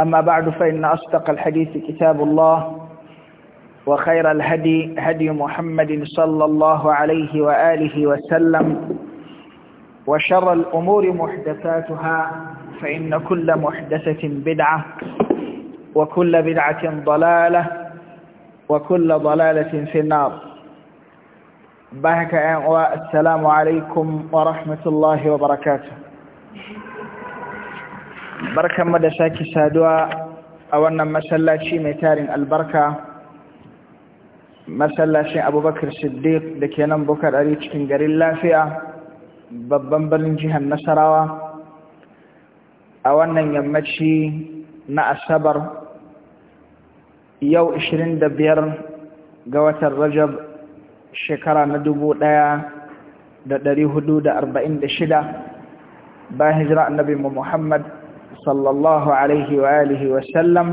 أما بعد فإن أصدق الحديث كتاب الله وخير الهدي هدي محمد صلى الله عليه وآله وسلم وشر الأمور محدثاتها فإن كل محدثة بدعة وكل بدعة ضلالة وكل ضلالة في النار بحك السلام عليكم ورحمة الله وبركاته barkan da sake saduwa a wannan masallaci mai tarin albarka masallacin abubakar siddiq da ke nan bukar ari cikin garin lafiya babban birnin jihar nasarawa a wannan yammaci na asabar yau 25 ga watan rajab shekara na shida. ba hijira annabi Muhammad صلى الله عليه وآله وسلم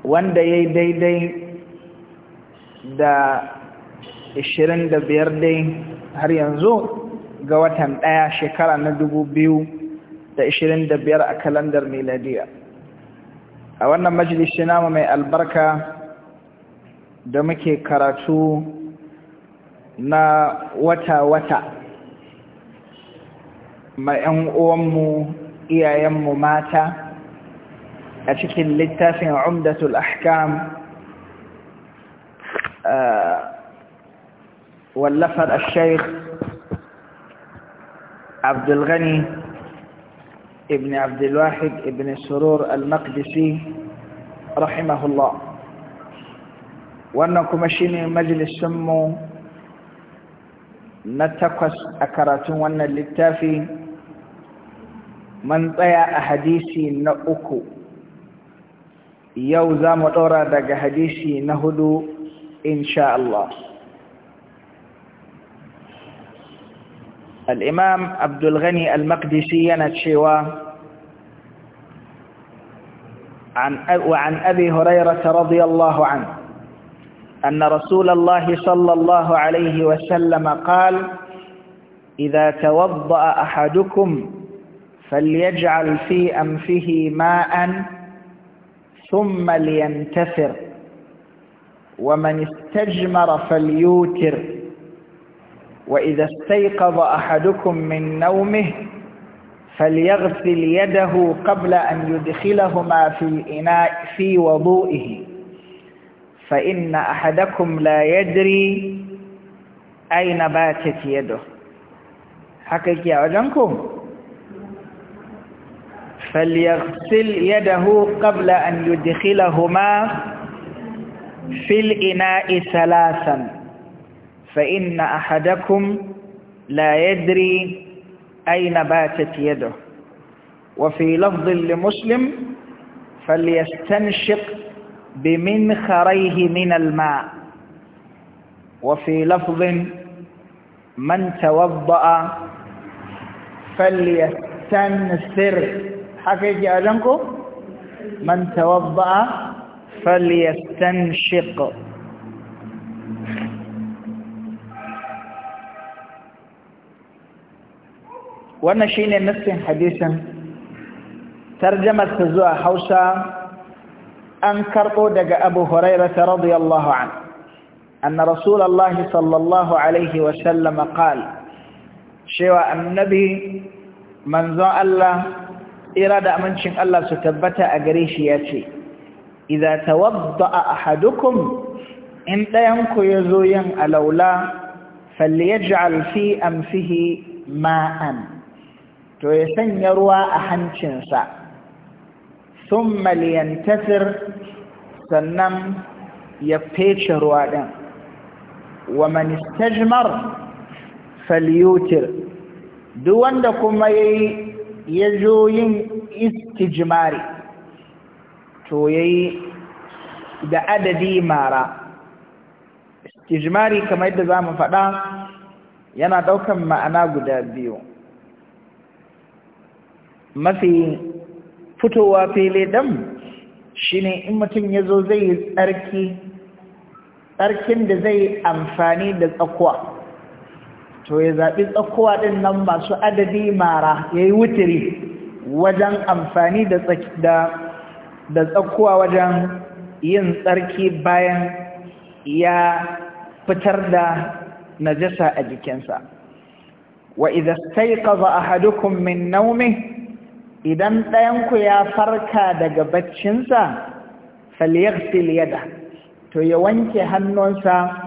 wanda ya yi daidai da 25 dai har yanzu ga watan ɗaya shekara na 2025 a kalandar miladiya a wannan majalisi namu mai albarka da muke karatu na wata-wata ma 'yan uwanmu iyayenmu mata a cikin littafin umdatul ahkam wallafar al-shaykh abdulghani ibn abdulwahid ibn surur al-maqdisi rahimahullah wannan kuma shi shine majalisunmu na takwas a karatun wannan littafi من تيا أحاديثي نأكو يوزا مطورا دق حديثي نهدو إن شاء الله الإمام عبد الغني المقدسي نتشيوا عن وعن أبي هريرة رضي الله عنه أن رسول الله صلى الله عليه وسلم قال إذا توضأ أحدكم فليجعل في أنفه ماء ثم لينتثر ومن استجمر فليوتر وإذا استيقظ أحدكم من نومه فليغسل يده قبل أن يدخلهما في الإناء في وضوئه فإن أحدكم لا يدري أين باتت يده حقيقي أعجنكم فليغسل يده قبل أن يدخلهما في الإناء ثلاثا فإن أحدكم لا يدري أين باتت يده وفي لفظ لمسلم فليستنشق بمنخريه من الماء وفي لفظ من توضأ فليستنثر حكيك يا من توضأ فليستنشق وانا شيني نفس حديثا ترجمة تزوى حوسا أنكرقو دق أبو هريرة رضي الله عنه أن رسول الله صلى الله عليه وسلم قال شواء النبي من ذو الله tsira da amincin Allah su tabbata a gare shi ya ce idza tawadda'a ahadukum in ɗayanku yazo yin alaula falyaj'al fi amfihi ma'an to ya sanya ruwa a hancinsa Sun liyantasir sannan ya fece ruwa ɗin wa manistajmar istajmar falyutir duk wanda kuma yayi ya zo yin istijmari to ya yi da adadi mara istijmari kamar yadda za mu faɗa yana ɗaukan ma'ana guda biyu mafi fitowa fili ɗan shine in mutum ya zo zai yi tsarki tsarkin da zai amfani da tsakuwa to ya zaɓi tsakowa ɗin nan masu adadi mara ya yi wutiri wajen amfani da tsakowa wajen yin tsarki bayan ya fitar da najasa a jikinsa wa idza staiqaza ahadukum min nawmihi idan ɗayanku ya farka daga baccinsa falyaghsil yada to ya wanke hannunsa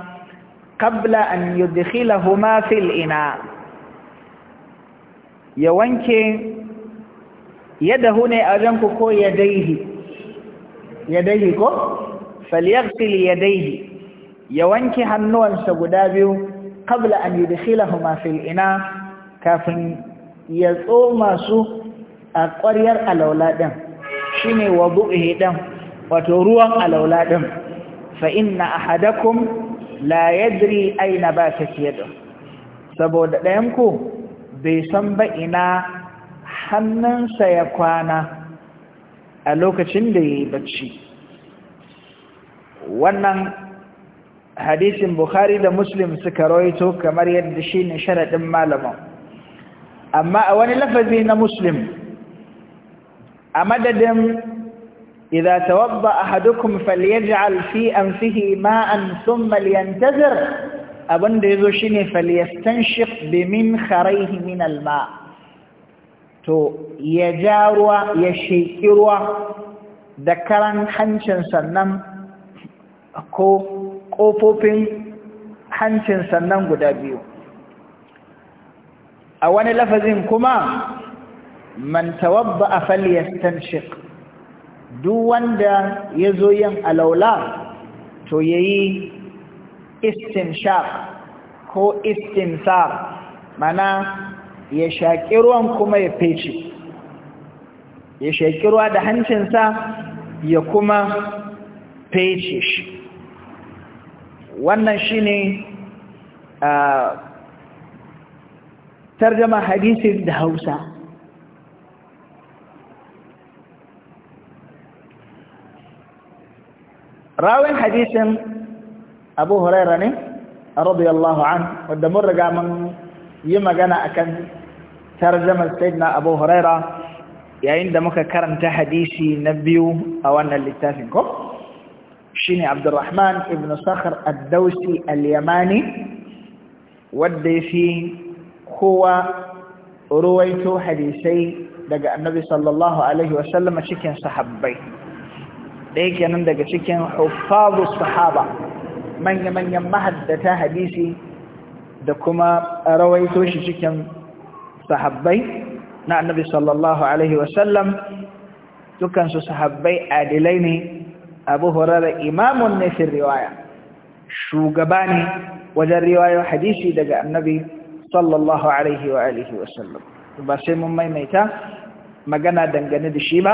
kabla an yudkhilahuma fil ina ya wanke yadahu ne a wajen ku ko yadaihi yadaihi ko falyaghsil yadaihi ya wanke hannuwansa guda biyu kabla an yudkhilahuma fil ina kafin ya tsoma su a ƙwaryar alaula din shine wadu'ihi din wato ruwan alaula din fa inna ahadakum la yadri aina ba ta da saboda ɗayan ku bai san ba ina hannunsa ya kwana a lokacin da ya yi bacci wannan hadisin bukhari da muslim suka rawaito kamar yadda shi ne sharaɗin malaman amma a wani lafazi na muslim a madadin إذا توضأ أحدكم فليجعل في أنفه ماء ثم لينتظر أبن ديزو شيني فليستنشق بمن خريه من الماء تو يجاروا يشيكروا ذكرا حنشن سنم أكو قوفوبين حنشن سنم قدابيو أواني لفظين كما من توضأ فليستنشق duk wanda ya zo yin alaula to ya yi istinshaq ko istimsar mana ya shaƙi ruwan kuma ya fece ya shaƙi ruwa da hancinsa ya kuma fece shi wannan shi ne ah, tarjama hadisi da hausa راوي حديث أبو هريرة رضي الله عنه والدمر قام يما جنا أكن ترجم سيدنا أبو هريرة يا عندك كرمت حديثي نبي أو أن اللي تافنكم شيني عبد الرحمن ابن صخر الدوسي اليماني ودي في هو رويت حديثي لقى النبي صلى الله عليه وسلم شكين صحبين ɗaya kenan daga cikin huffazu sahaba manya-manyan mahaddata hadisi da kuma rawaito shi cikin sahabbai na annabi sallallahu alaihi wasallam dukansu sahabbai adilai ne abu hurara imamun nufin riwaya shugaba ne wajen riwayo hadisi daga annabi sallallahu alaihi wa alihi wasallam ba sai mun maimaita magana dangane da shi ba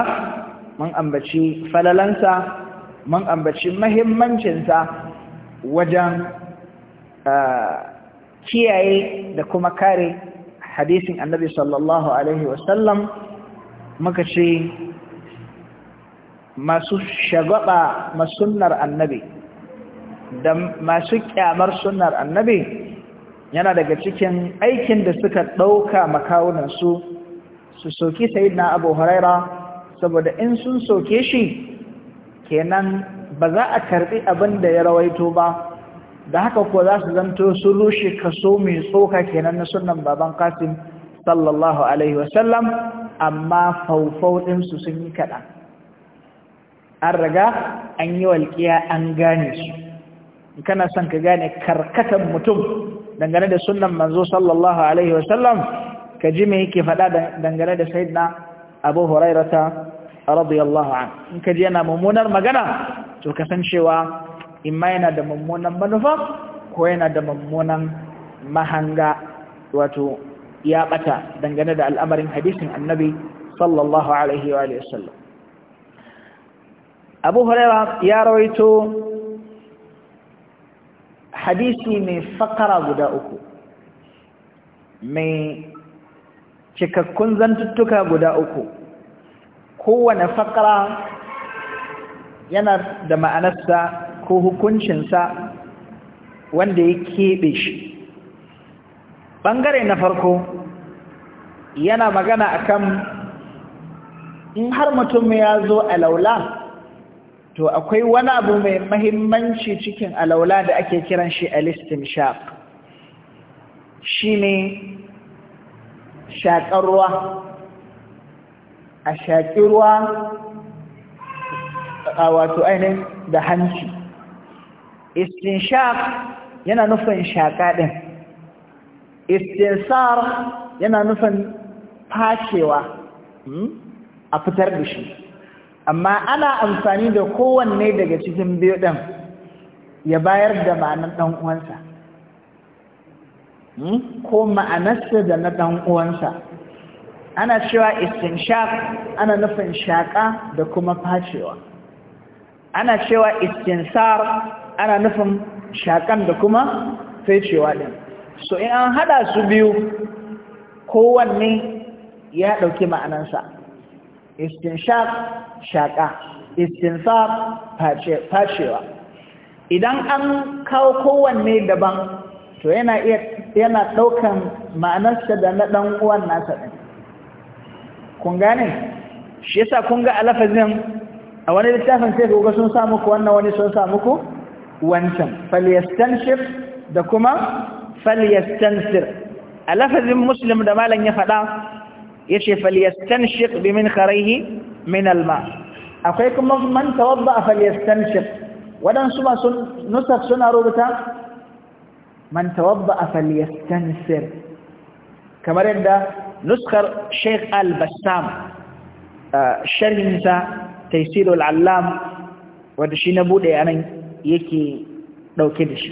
mun ambaci falalansa mun ambaci mahimmancinsa wajen kiyaye da kuma kare hadisin annabi sallallahu alaihi wasallam muka ce masu shagaba masunnar annabi da masu kyamar sunnar annabi yana daga cikin aikin da suka ɗauka makawunansu su soki na abu huraira saboda in sun soke shi kenan ba za a karɓi abin da ya rawaito ba da haka ko za su zanto sun rushe kaso mai tsoka kenan na sunan baban kasim sallallahu alaihi wasallam amma faufau ɗinsu sun yi kaɗan an riga an yi walƙiya an gane su kana son ka gane karkatar mutum dangane da sunan manzo sallallahu alaihi wasallam ka ji me yake faɗa dangane da sayyidina abu hurairata radiyallahu an in ka ji yana mummunar magana to cewa imma yana da mummunan manufa ko yana da mummunan mahanga wato ya bata dangane da al'amarin hadisin annabi sallallahu alaihi wa sallam abu huraira ya rawaito hadisi mai fakara guda uku mai cikakkun zantuttuka guda uku kowane fakara yana da ma'anarsa ko hukuncinsa wanda ya keɓe shi ɓangare na farko yana magana akan in har mutum ya zo a laula to akwai wani abu mai mahimmanci cikin alaula da ake kiran shi a listin shaq shi ne shaƙar ruwa a shaƙi ruwa a wato ainihin da hanci istinshaq yana nufin shaƙa ɗin istinsar yana nufin fashewa hmm, a fitar da shi amma ana amfani da kowanne daga cikin biyu ɗin ya bayar da ma'anin ɗan uwansa ko ma'anarsa da na ɗan uwansa ana cewa istinshaq ana nufin shaƙa da kuma facewa ana cewa istinsar ana nufin shaƙan da kuma fecewa ɗin so in an haɗa su biyu kowanne ya ɗauki ma'anarsa istinshaq shaƙa istinsar facewa idan an kawo kowanne daban to yana iya yana ɗaukan ma'anarsa da na ɗan uwan nasa ɗin kun gane shi yasa kun ga alafazin a wani littafin sai ga sun sa muku wannan wani sun sa muku wancan falyastanshif da kuma falyastansir alafazin muslim da malam ya faɗa ya ce bi min kharihi min alma akwai kuma man tawadda a wadansu waɗansu sun nusar suna rubuta man tawadda'a falyastansir kamar yadda nuskar Sheikh al sharhinsa sharhin sa Taysirul Allam wanda shi na bude anan yake ɗauke da shi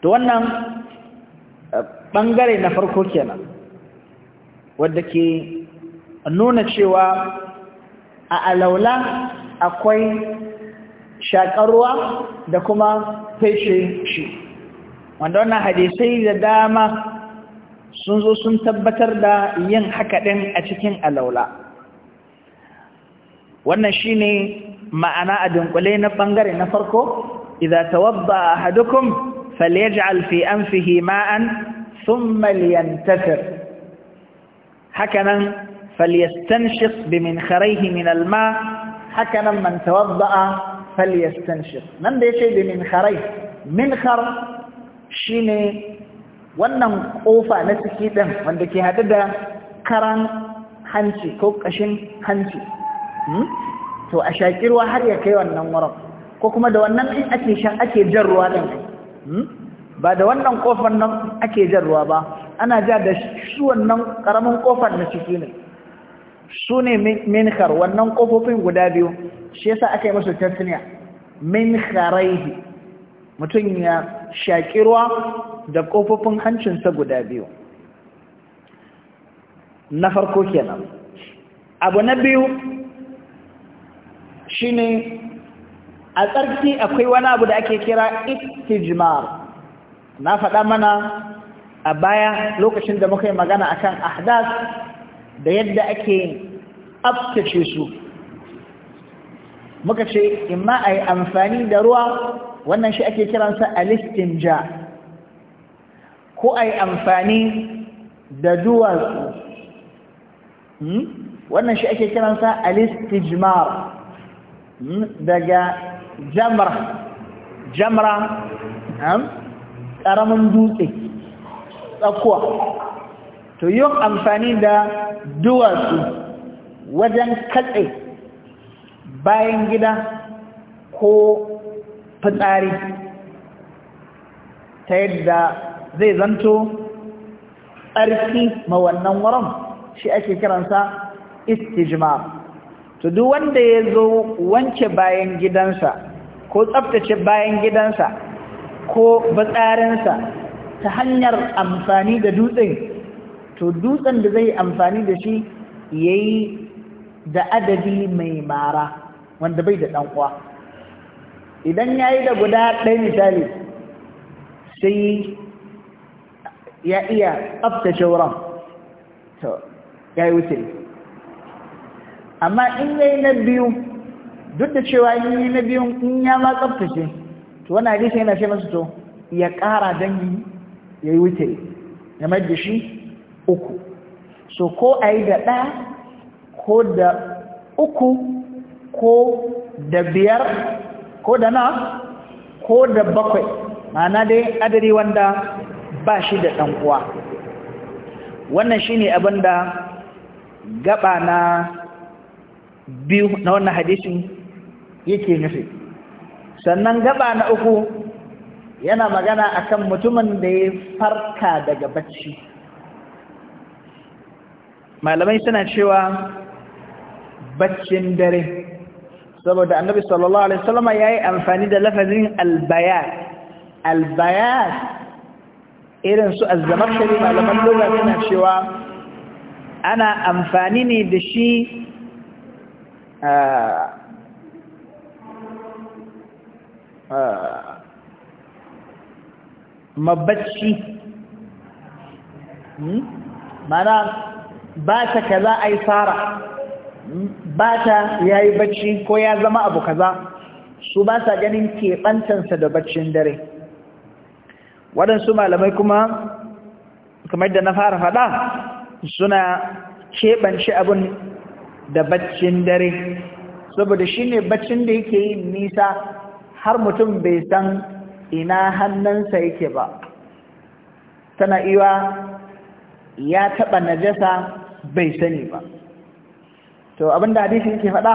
to wannan ɓangare na farko kenan wanda ke nuna cewa a alaula akwai shakar da kuma feshe shi wanda wannan hadisai da dama sun zo sun tabbatar da yin haka ɗin a cikin alaula wannan shi ne ma'ana a dunkule na ɓangare na farko idza tawadda ahadukum falyaj'al fi anfihi ma'an thumma liyantasir hakanan falyastanshik bi min kharayhi min alma hakanan man tawadda falyastanshik nan da yace bi min kharay min khar Shi ne wannan ƙofa na ciki ɗin wanda ke haɗu da karan hanci ko ƙashin hanci hmm? to a shaƙirwa har ya kai wannan wurin ko kuma da wannan ɗin ake shan ake jan ruwa ɗin hmm? ba da wannan ƙofar nan ake jan ruwa ba ana ja da su wannan ƙaramin ƙofar na ciki ne su ne minkar wannan ƙofofin guda biyu shi yasa aka yi musu tasniya minkarai mutum ya shaƙi ruwa da ƙofofin hancinsa guda biyu na farko kenan abu na biyu shine a tsarki akwai wani abu da ake kira istijmar na faɗa mana a baya lokacin da muka yi magana akan ahdas da yadda ake tsabtace su muka ce imma a yi amfani da ruwa wannan shi ake kiransa alistinja ko a yi amfani da duwatsu hmm? wannan shi ake kiransa alistijmar hmm? daga jamra jamra hmm? ƙaramin dutse tsakuwa to yin amfani da duwatsu wajen katse bayan gida ko fitsari ta yadda zai zanto tsarki ma wannan wurin shi ake kiransa istijma. to duk wanda ya zo wanke bayan gidansa ko tsabtace bayan gidansa ko batsarinsa ta hanyar amfani da dutsen to dutsen da zai amfani da shi yayi da adadi mai mara wanda bai da ɗan'uwa idan ya yi da guda ɗaya misali sai ya iya tsabtace wurin to ya yi wuce amma in ya yi na biyu duk da cewa in yi na biyu in ya ma tsaftace, to wani hadisi yana ce masu to ya ƙara dangi ya yi wuce ya maji shi uku so ko a yi da ɗaya ko da uku ko da biyar ko da na ko da bakwai ma'ana dai adari wanda ba shi da ɗan'uwa wannan shi ne abin da gaba na biyu na wannan hadisin yake nufi sannan gaba na uku yana magana akan mutumin da ya farka daga bacci malamai suna cewa baccin dare saboda annabi sallallahu alaihi wasallam yayi amfani da lafazin albayat albayat irin su az-zamakhshari malaman lugha suna cewa ana amfani ne da shi mabacci mana ba ta kaza ai fara bata ya yi bacci ko ya zama abu kaza su ba sa ganin keɓantansa da baccin dare waɗansu malamai kuma kamar da na fara faɗa suna keɓance abin da baccin dare saboda shi ne baccin da yake yi nisa har mutum bai san ina hannunsa yake ba tana iya ya taɓa najasa bai sani ba to abinda hadisi yake faɗa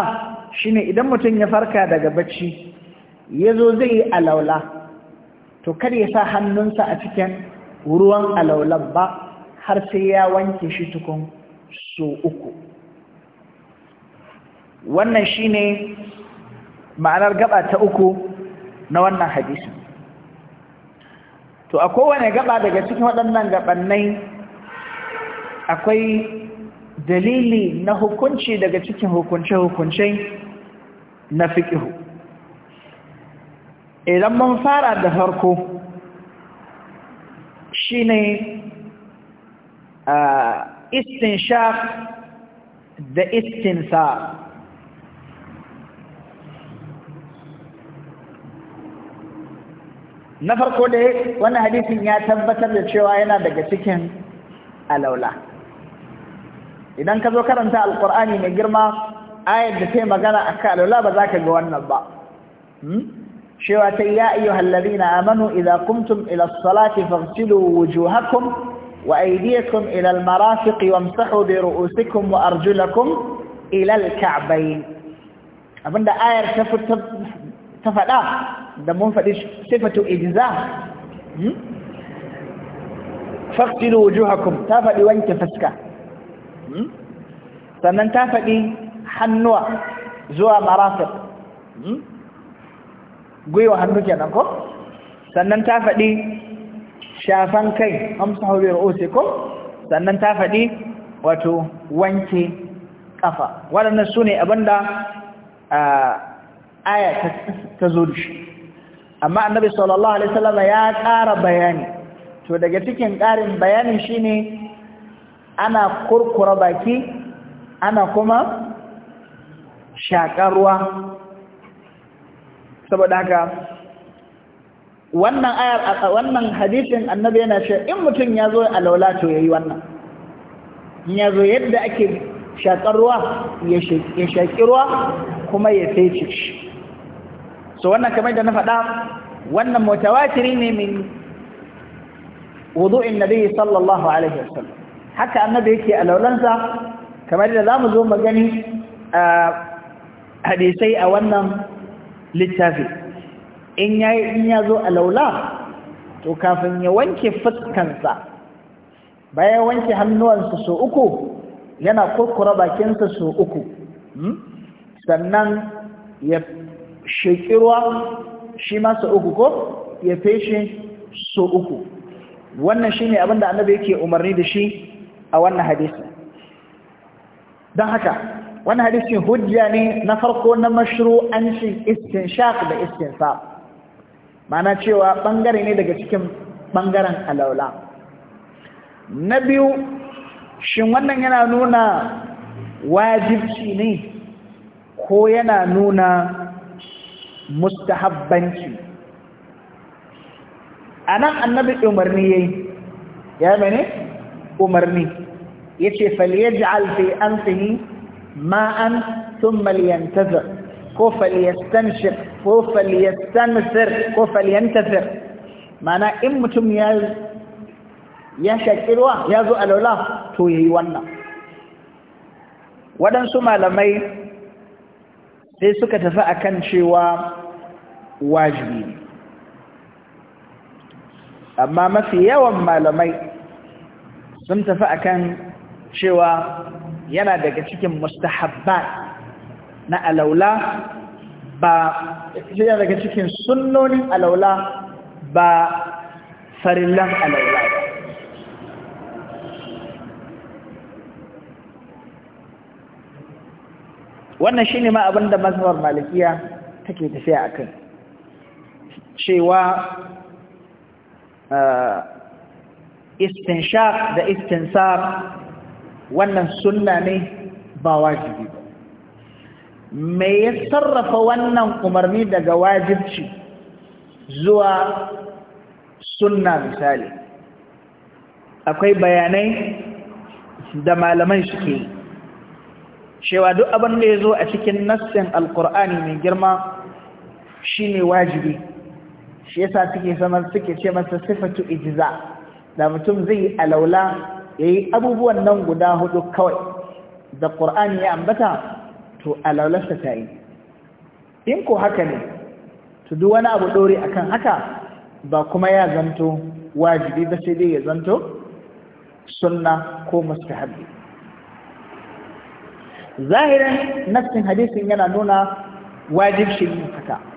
shine idan mutum ya farka daga bacci ya zo zai yi alaula to kar ya sa hannunsa a cikin ruwan alaula ba har sai ya wanke shi tukun so uku wannan shine ma'anar gaba ta uku na wannan hadisi to a kowane gaba daga cikin waɗannan gabannai akwai dalili na hukunci daga cikin hukunce-hukunce na fiƙihu idan mun fara da farko shi ne ah, istinshaf da istinsa na farko da wani hadisin ya tabbatar da cewa yana daga cikin alaula idan ka zo karanta alqur'ani mai girma ayat da ta yi magana akan Allah ba za ka ga wannan ba shewa ta ya ayyuhal ladina amanu idza qumtum ila ssalati faghsilu wujuhakum wa aydiyakum ila almarafiq wamsahu bi ru'usikum wa arjulakum ila alka'bayn abinda ayar ta ta fada da mun fadi sifatu ijza faghsilu wujuhakum ta fadi wanke fuska Hmm? sannan ta faɗi hannuwa zuwa marasir hmm? gwiwa hannu kenan ko sannan ta faɗi shafan kai amsa hore ose ko sannan ta faɗi wato wanke ƙafa waɗannan su ne abinda aya ta zo da shi amma annabi sallallahu alaihi wasallam ya ƙara bayani to daga cikin ƙarin bayanin shine ana kurkura baki ana kuma shakar ruwa saboda haka wannan ayar a wannan hadisin annabi yana cewa in mutum ya zo alaula to yayi wannan in ya zo yadda ake shakar ruwa ya shaƙi ruwa kuma ya fece shi so wannan kamar da na faɗa wannan mutawatiri ne min wudu'in nabi sallallahu alaihi wasallam haka annabi yake a laulansa, kamar da zamu zo magani a hadisai a wannan littafi in yayi in ya zo a laula, to kafin ya wanke fuskansa bayan wanke hannuwansa so uku yana kurkura bakinsa so uku hmm? sannan ya sheƙi shi ma so uku ko ya feshe so uku wannan shine abinda annabi yake umarni da shi a wannan hadisi don haka wannan hadisi hujja ne na farko na iskin shaq da iskin sa mana cewa bangare ne daga cikin bangaren alaula na biyu shin wannan yana nuna wajibci ne ko yana nuna mustahabbanci a nan annabi umarni ya yi ya mene umarni yace falyaj'al fi anfihi ma'an thumma liyantazir ko falyastanshir ko falyastansir ko falyantazir mana in mutum ya ya shaki ya zo alwala to yayi wannan waɗansu malamai sai suka tafi akan cewa wajibi amma mafi yawan malamai sun tafi a kan cewa yana daga cikin mustahabbat na alaula ba yana daga cikin sunnonin alaula ba farillan alaula wannan shi ne ma abinda mazhabar malikiya take tafiya kai cewa uh, istinshaq da istinsar wannan sunna ne ba wajibi ba me ya sarrafa wannan umarni daga wajibci zuwa sunna misali akwai bayanai da malaman suke cewa duk abin da ya zo a cikin nassin alkur'ani mai girma shine wajibi shi yasa suke sanar suke ce masa sifatu ijza' da mutum zai yi alaula ya yi abubuwan nan guda hudu kawai da ƙur'ani ya ambata to alaularsa ta yi in ko haka ne to duk wani abu ɗore akan haka ba kuma ya zanto wajibi ba sai dai ya zanto sunna ko mustahabbi zahirin nassin hadisin yana nuna shi haka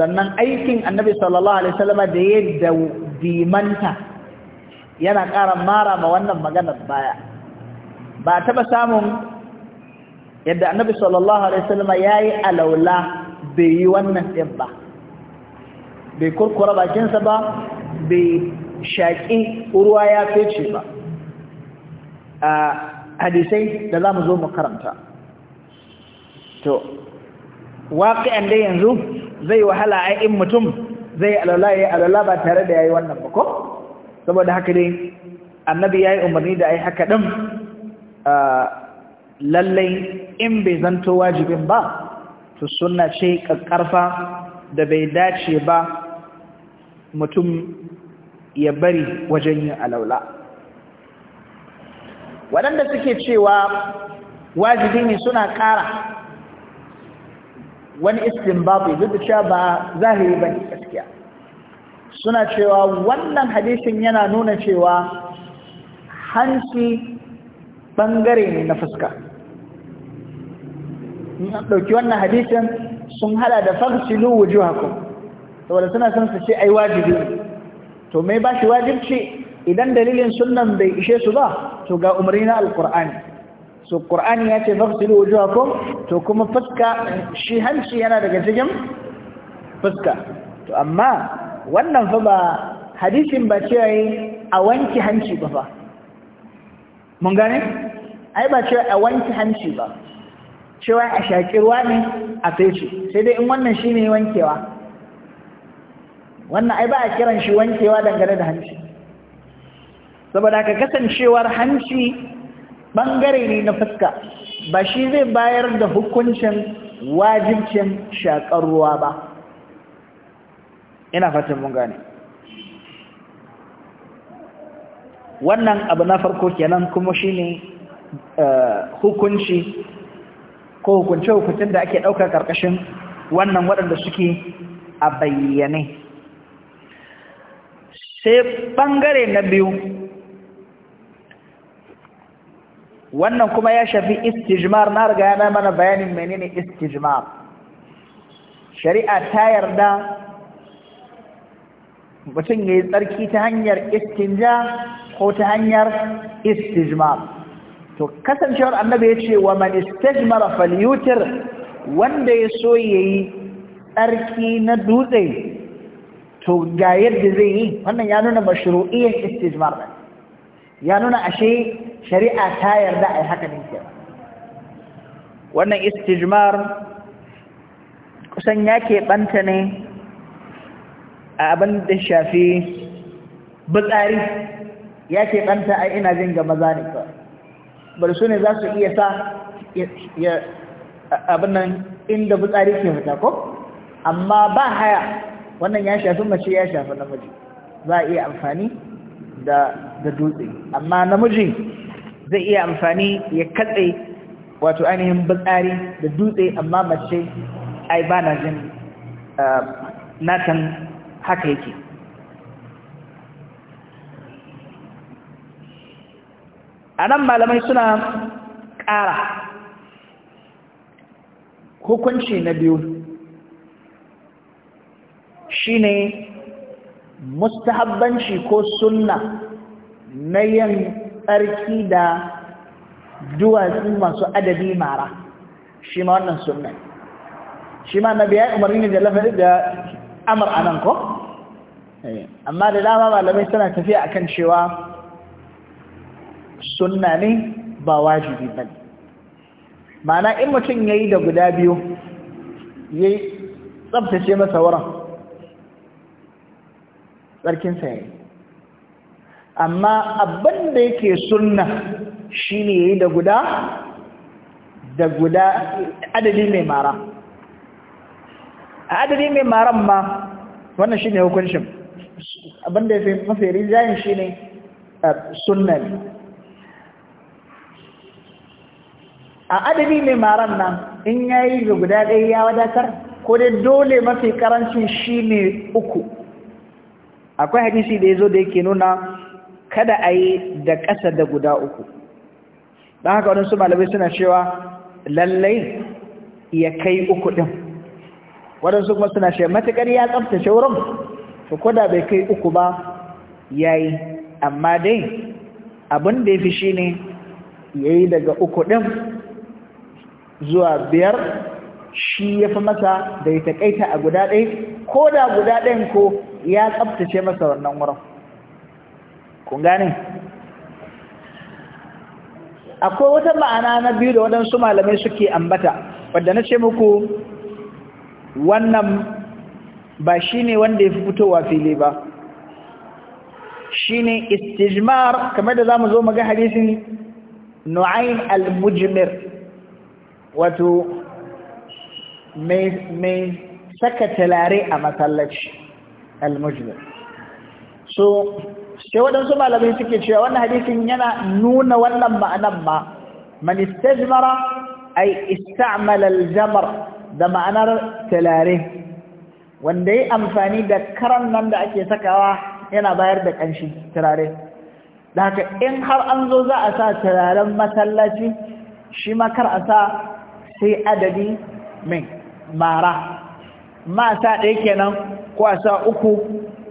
sannan aikin annabi sallallahu alaihi wasallama da ya dimanta yana ƙara mara ma wannan maganar baya ba taɓa samun yadda annabi sallallahu alaihi wasallama ya alaula bai yi wannan ɗin ba bai kurkura bakinsa ba bai shaƙi ruwa ya fece ba a hadisai da za mu zo mu karanta to waƙi'an dai yanzu zai wahala ai in mutum zai alala ya alala ba tare da yayi wannan ba ko saboda haka dai annabi yayi umarni da ai haka din lallai in bai zanto wajibin ba to sunna ce kakkarfa da bai dace ba mutum ya bari wajen yin alaula waɗanda suke cewa wajibi ne suna ƙara wani istimbabu duk da cewa ba zahiri ba ne gaskiya suna cewa wannan hadishin yana nuna cewa hanci bangare ne na fuska ɗauki wannan hadishin sun hada da fagsilu haku saboda suna son su ce ai wajibi to mai ba shi wajibci idan dalilin sunan bai ishe su ba to ga umarni na alkur'ani so qur'ani ya ce fafsilu wujuhakum to kuma fuska shi hanci yana daga cikin fuska to amma wannan fa ba hadisin ba ce a wanki hanci ba fa mun gane ai ba ce a wanki hanci ba cewa a shaƙi ruwa ne a fece sai dai in wannan shi ne wankewa wannan ai ba a kiran shi wankewa dangane da hanci saboda ka kasancewar hanci ɓangare ne na fuska ba shi zai bayar da hukuncin wajibcin shaƙar ruwa ba ina fatan mun gane wannan abu na farko kenan kuma shi ne eh, hukunci ko hukunce-hukuncin da ake ɗaukar ƙarƙashin wannan waɗanda suke a bayyane sai ɓangare na biyu wannan kuma ya shafi istijmar na riga yana mana bayanin menene istijmar shari'a ta yarda mutum ya yi tsarki ta hanyar istinja ko ta hanyar istijmar to kasancewar annabi ya ce wa man istijmara falyutir wanda ya so ya yi tsarki na dutse to ga yadda zai yi wannan ya nuna mashru'iyyar istijmar ya nuna ashe shari'a ta yarda a yi haka ne ke wannan istijmar kusan ya keɓanta ne a abin da shafi butsari ya keɓanta a ina jin ga maza ne ba bari su ne za su iya sa abin nan inda butsari ke fita ko amma ba haya wannan ya shafi mace ya shafi namiji za a iya amfani da dutse amma namiji zai iya amfani ya katse wato ainihin batsari da dutse amma mace ai ba na jin natan haka yake a nan malamai suna ƙara hukunci na biyu shine mustahabbanci ko sunna na yin tsarki da duwatsu masu adadi mara shi ma wannan sunan shi ma na biya umarni da lafarin da amur anan ko eh, amma da dama malamai suna tafiya a kan cewa sunna ne ba wajibi ba ne mana in mutum ya yi da guda biyu ya yi tsabtace masa wurin tsarkinsa ya yi amma abin da yake sunna shine ne da guda da guda adadi mai mara a adadi mai mara ma wannan shine hukuncin abin da yafi mafi rijayin shine eh, sunna ne a adadi mai mara nan in ya yi da guda ɗaya ya wadatar ko dai dole mafi karancin shine uku akwai hadisi da zo da yake nuna kada a yi da ƙasa da guda uku don haka waɗansu malabai suna cewa lallai ya kai uku ɗin waɗansu kuma suna cewa matuƙar ya tsaftace wurin su koda bai kai uku ba ya yi amma dai abin da ya fi shi ne ya yi daga uku ɗin zuwa biyar shi ya fi masa da ya taƙaita a guda ɗaya ko da guda ɗayan ko ya tsaftace masa wannan wurin kun gane akwai wata ma'ana na biyu da waɗansu malamai suke ambata wadda na ce muku wannan ba shi ne wanda ya fi fitowa fili ba shi ne istijmar kamar da za mu zo maga hadisin nu'ain al mujimir wato mai saka talare a matsalaci al mujimir so sai waɗansu malamai suke cewa wannan hadisin yana nuna wannan ma'anan ma man istajmara ay ista'mala al da ma'anar talare wanda yi amfani da karan nan da ake sakawa yana bayar da kanshi turare da haka in har an zo za a sa turaren masallaci shi ma kar a sa sai adadi mai mara ma a sa ɗaya kenan ko a sa uku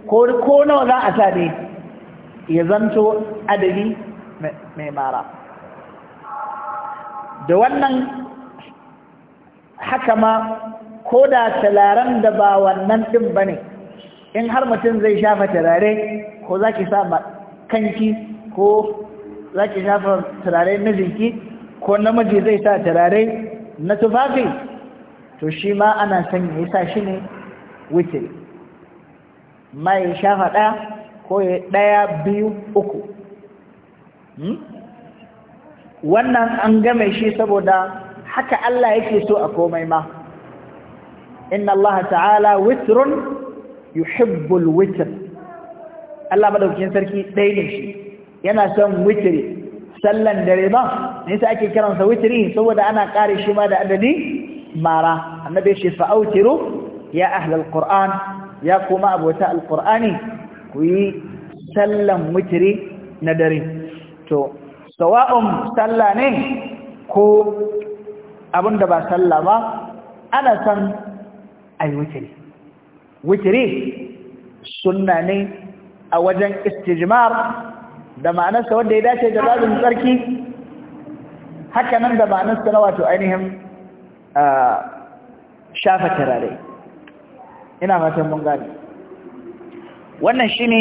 ko nawa za a sa ɗaya ya zanto adabi mai mara da wannan haka ma ko da talaren da ba wannan ɗin ba ne in har mutum zai shafa turare ko za ki sa kanki ko za ki shafa turare na jiki ko namiji zai sa turare na tufafi to shi ma ana sanya ya sa shi ne wuce ma shafa ɗaya Koye ɗaya biyu uku hmm? wannan an game shi saboda haka Allah yake so a komai ma inna Allah ta'ala witrun yuhibbul witr Allah madaukakin sarki ɗaya ne shi yana son witri sallan dare ba ne sai ake kiransa witri saboda ana ƙare shi ma da adadi mara annabi shi fa'autiru ya ahlul qur'an ya kuma abota alqur'ani ku yi sallan witiri na dare to sawa'un salla ne ko abinda ba salla ba ana san a yi witiri witiri suna ne a wajen istijimar da ma'anarsa wanda ya dace da babin tsarki haka nan da ma'anarsa na wato ainihin ah, shafa tarare ina matan mun gani wannan shi ne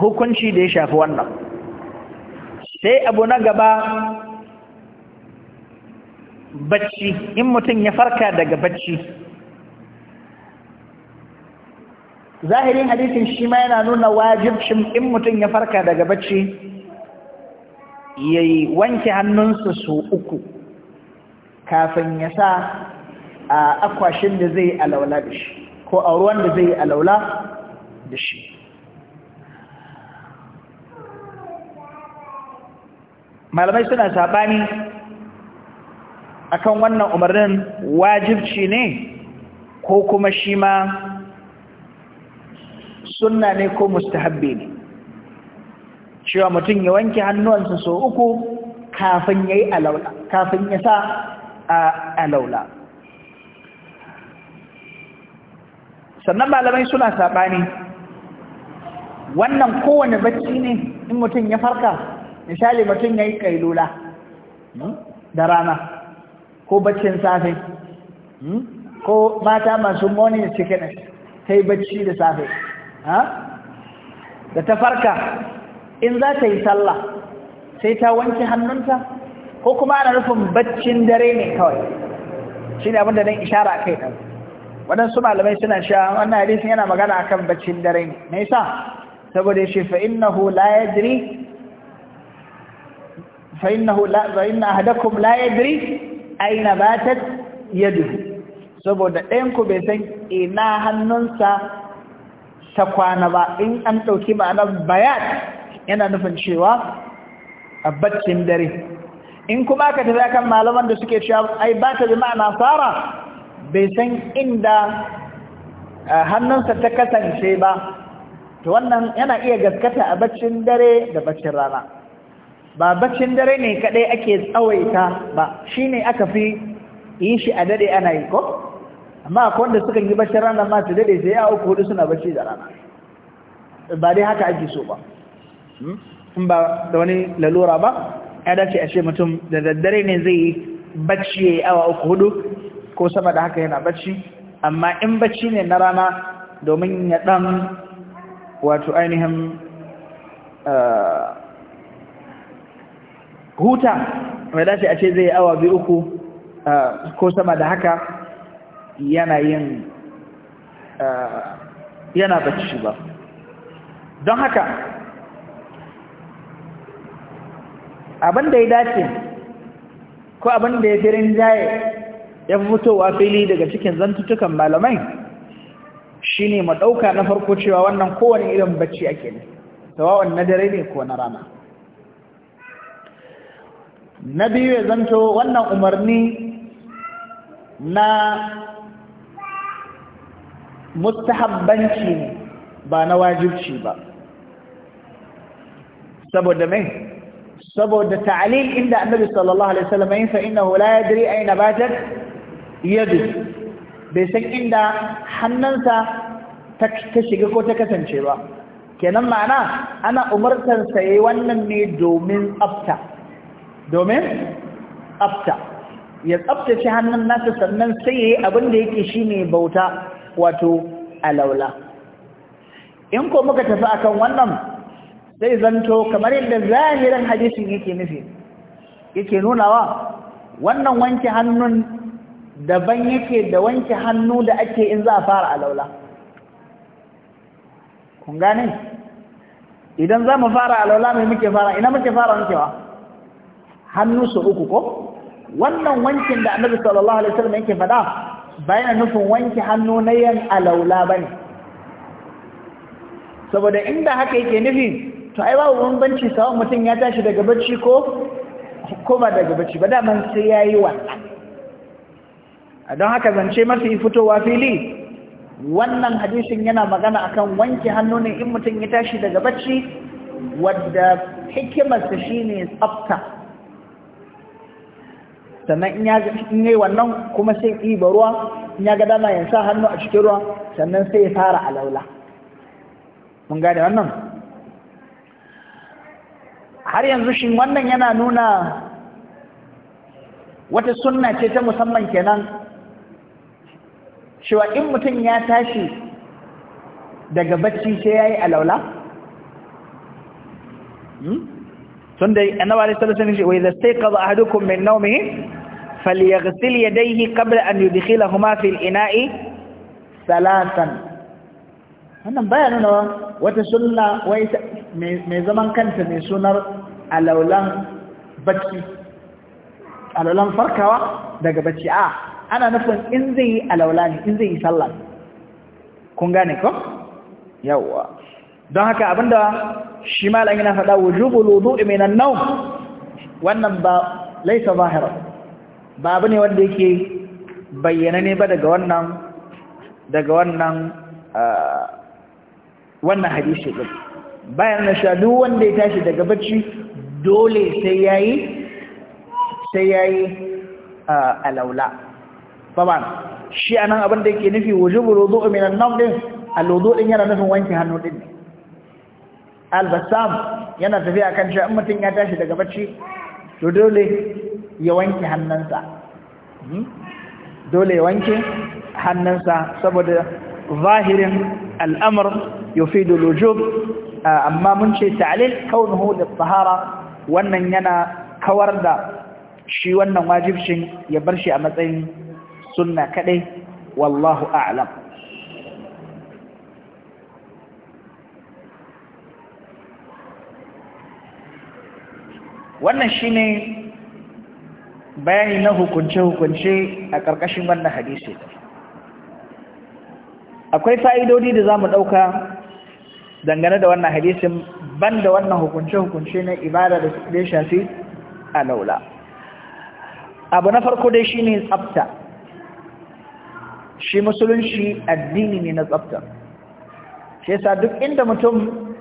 hukunci da ya shafi wannan sai abu na gaba bacci in mutum ya farka daga bacci zahirin hadisin shi ma yana nuna wajibcin in mutum ya farka daga bacci ya yi wanke hannunsa su uku kafin ya sa a akwashin da zai alaula da shi ko a ruwan da zai alaula da shi malamai suna saɓani akan wannan umarnin wajibci ne ko kuma shi ma sunna ne ko mustahabbi ne cewa mutum ya wanke hannuwansa so uku kafin ya yi alaula kafin ya sa a alaula sannan malamai suna saɓani wannan kowane bacci ne in mutum ya farka misali mutum ya yi kailula hmm, da rana ko baccin safe hmm, ko mata masu morning sickness ta yi bacci da safe da ta farka in za ta yi sallah sai ta wanke hannunta ko kuma ana nufin baccin dare ne kawai shi ne abinda don ishara kai ɗan waɗansu malamai suna cewa wannan yana magana akan baccin dare ne mai sa saboda shi fa innahu la yadri فإنه لا فإن أحدكم لا يدري أين باتت يده saboda ɗayanku bai san ina hannunsa ta kwana ba in an ɗauki ma'anar bayan yana nufin cewa a baccin dare in kuma aka tafi kan malaman da suke cewa ai ba ta bi ma'ana fara bai san inda hannunsa ta kasance ba to wannan yana iya gaskata a baccin dare da baccin rana ba baccin dare ne kadai ake tsawaita ba shine aka fi yi shi a dade ana yi ko amma akwai suka yi baccin rana ma su dade sai ya uku hudu suna bacci da rana ba dai haka ake so ba hmm? in ba da wani lalura ba ya dace a ce mutum da daddare ne zai yi bacci ya yi awa uku hudu ko sama da haka yana bacci amma in bacci ne na rana domin ya ɗan, wato ainihin uh, huta mai dace a ce zai awa biyu uku ko sama da haka yana yana bacci ba don haka abin da ya dace ko abin da ya firin jaye ya fitowa fili daga cikin zantutukan malamai shine mu ɗauka na farko cewa wannan kowane irin bacci ake ne tawawan na dare ne ko na rana na biyu ya zanto wannan umarni na mustahabbanci ba na wajibci ba saboda mai saboda ta'alil inda annabi sallallahu alaihi wasallam yin fa innahu la yadri ayna batat yadu bai san inda hannunsa ta shiga ko ta kasance ba kenan ma'ana ana umartar sa wannan ne domin tsafta domin tsafta ya tsaftace hannun nasa sannan sai ya yi abin da yake ne bauta wato alaula in ko muka tafi akan wannan zai zanto kamar yadda zahirin hadisin yake nufi yake nunawa wannan wanke hannun daban yake da wanke hannu da ake in za a fara alaula kun gane idan za mu fara alaula mai muke fara ina muke fara wankewa hannu su uku ko wannan wankin da annabi sallallahu alaihi wasallam yake faɗa bayan nufin wanke hannu na yan alaula bane saboda inda haka yake nufi to ai babu bambanci sawan mutum ya tashi daga bacci ko ko daga bacci ba da man sai yayi wannan don haka zance mafi fitowa fili wannan hadisin yana magana akan wanke hannu ne in mutum ya tashi daga bacci wadda hikimarsa shine tsafta sannan in ya yi wannan kuma sai ɗiba ruwa in ya ga dama ya sa hannu a cikin ruwa sannan sai ya fara alaula mun gane wannan har yanzu shi wannan yana nuna wata sunna ce ta musamman kenan cewa in mutum ya tashi daga bacci sai ya yi alaula hmm? tun da annabawa da shi alaihi wasallam ce wa idza a hadukun mai nawmihi فليغسل يديه قبل أن يدخلهما في الإناء ثلاثا هنا بيان هنا وتسنة ويس من زمان كانت من سنة الأولى بجي الأولى فرقة دقى بجي آه أنا نفس إنزي الأولى إنزي سلا كونغانيكو يوا don haka abinda shi malamin yana faɗa wujubul wudu'i minan nawm wannan ba laysa zahiran ba ne wanda yake bayyana ne ba daga wannan daga wannan wannan hadisi din bayan na sha duk wanda ya tashi daga bacci dole sai yayi sai yayi alaula faman shi anan abin da yake nufi wujubul wudu'u an nawm din al-wudu' din yana nufin wanke hannu din albassam yana tafiya kan cewa in mutum ya tashi daga bacci to dole ya wanke hannunsa hmm? dole ya wanke hannunsa saboda zahirin al'amur yufidu lujub ah, amma mun ce ta'lil kaunuhu lit-tahara wannan yana kawar da shi wannan wajibcin ya bar shi a matsayin sunna kadai wallahu a'lam wannan shine bayani na hukunce-hukunce a ƙarƙashin wannan hadisi akwai fa'idodi da za mu ɗauka dangane da wannan hadisin ban da wannan hukunce-hukunce na ibada da ya shafi a laula abu na farko dai shi ne tsafta shi musulunci addini ne na tsafta shi yasa duk inda mutum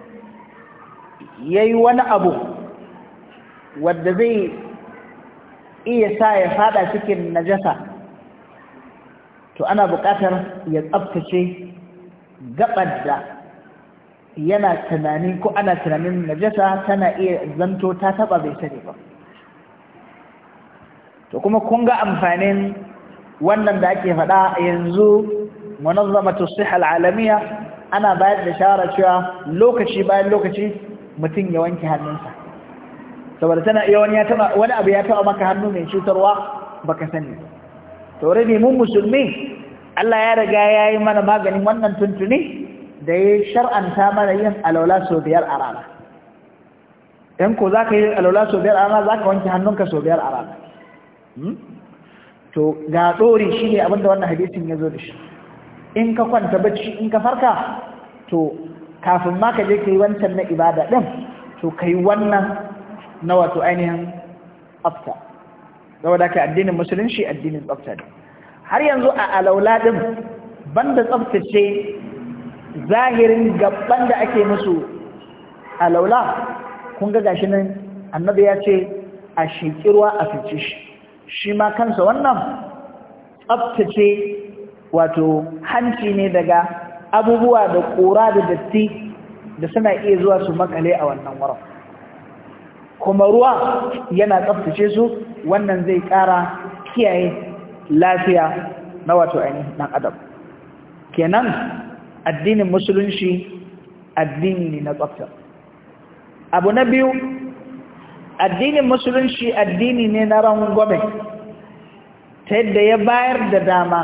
ya yi wani abu wadda zai iya sa ya fada cikin najasa to ana buƙatar ya tsabtace gabar da yana tunanin ko ana tunanin najasa tana iya zanto ta taba bai sani ba to kuma kun ga amfanin wannan da ake faɗa yanzu munazzamatu sihal alamiya ana bayar da shawara cewa lokaci bayan lokaci mutum ya wanke hannunsa saboda tana iya wani ya taba wani abu ya taba maka hannu mai cutarwa baka sani to rabi mun musulmi Allah ya riga ya yi mana maganin wannan tuntuni da ya shar'anta mana yin alaula sau biyar a rana in ko za ka yi alaula sau biyar a rana za ka wanke hannunka sau biyar a rana hmm? to ga dori shi ne abinda wannan hadisin ya zo da shi in ka kwanta bacci in ka farka to kafin ma ka je ka yi wancan na ibada ɗin to ka yi wannan na wato ainihin tsafta saboda ka addinin musulunci addinin tsafta ne har yanzu a alaula din banda tsaftace zahirin gaban da ake musu alaula kun ga gashi nan annabi ya ce a sheki ruwa a fice shi shi ma kansa wannan tsaftace wato hanci ne daga abubuwa da ƙura da datti da suna iya zuwa su makale a wannan wurin kuma ruwa yana tsaftace su wannan zai ƙara kiyaye lafiya na wato ainihin ɗan adam kenan addinin musulunci addini na tsafta abu na biyu addinin musulunci addini ne na rangwame ta yadda ya bayar da dama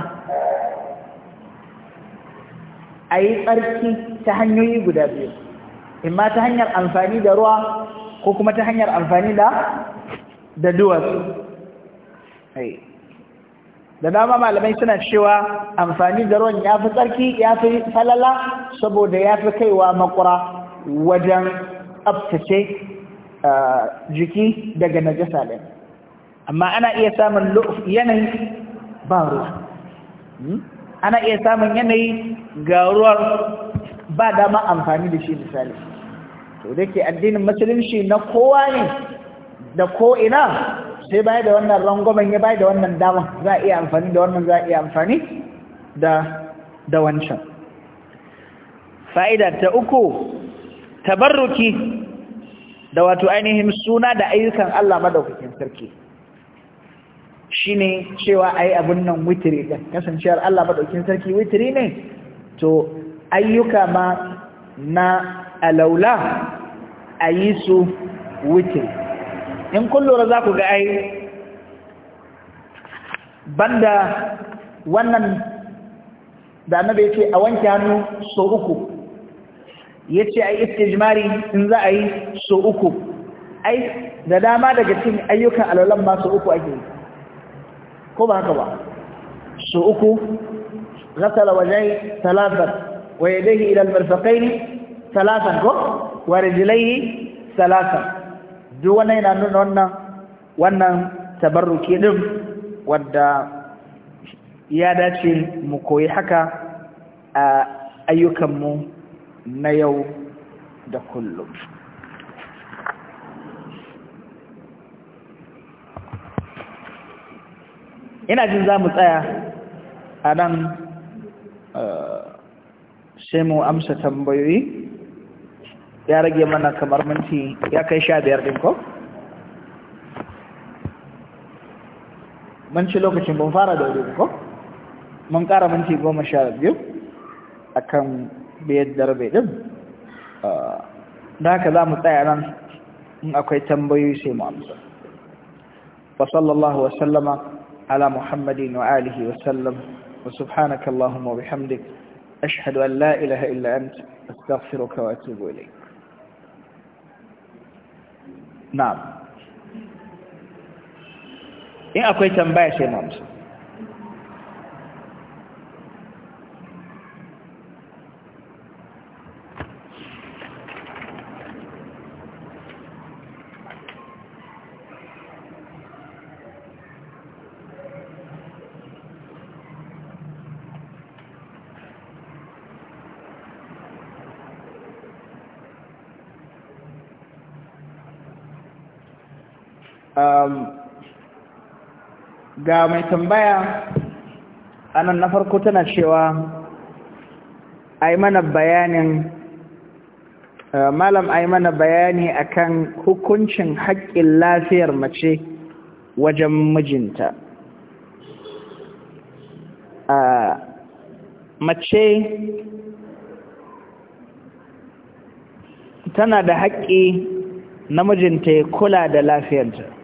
a yi tsarki ta hanyoyi guda biyu imma ta hanyar amfani da ruwa ko kuma ta hanyar amfani da da duwatsu da dama malamai suna cewa amfani da ruwan ya fi tsarki ya fi falala saboda ya fi kaiwa makura wajen tsabtace uh, jiki daga najasa ɗin amma ana iya samun yanayi ba ruwa hmm? ana iya samun yanayi ga ruwan ba dama amfani da shi misali to da addinin musulunci na kowa ne da ko ina sai bai da wannan rangwamen ya bai da wannan daman za a iya amfani da wannan za a iya amfani da wancan fa'ida ta uku tabarruki da wato ainihin suna da ayyukan Allah madaukakin sarki shi cewa ayi abun abin nan witiri da kasancewar Allah maɗaukin sarki witiri ne to ayyuka ma na alaula a yi su wuce in kullura za ku ga ai banda wannan da annabi ce a wanke hannu so uku yace ai istijmari in za a yi so uku ai da dama daga cin ayyukan alwalan ma so uku ake ko ba haka ba so uku غسل وجهه ثلاثا ويديه إلى المرفقين salasan ko wa rijlaihi salasan duk wannan yana nuna wannan wannan tabarruki din wanda ya dace mu koyi haka a ayyukanmu na yau da kullum ina jin za mu tsaya a nan eh, sai mu amsa tambayoyi ya rage mana kamar minti ya kai sha biyar ɗin ko? mun ci lokacin ban fara da wuri ko? mun ƙara minti goma sha biyu a kan biyar da rabe ɗin ah, da haka za mu tsaya nan in akwai tambayoyi sai mu amsa wa sallallahu wa sallama ala muhammadin wa alihi wa sallam wa subhanaka allahumma wa bihamdik ashhadu an la ilaha illa anta astaghfiruka wa atubu na'am in akwai tambaya sai na musu ga mai tambaya anan na farko tana cewa a yi mana bayanin malam a yi mana bayani akan hukuncin haƙƙin lafiyar mace wajen mijinta mace tana da haƙƙi na mijinta ya kula da lafiyarta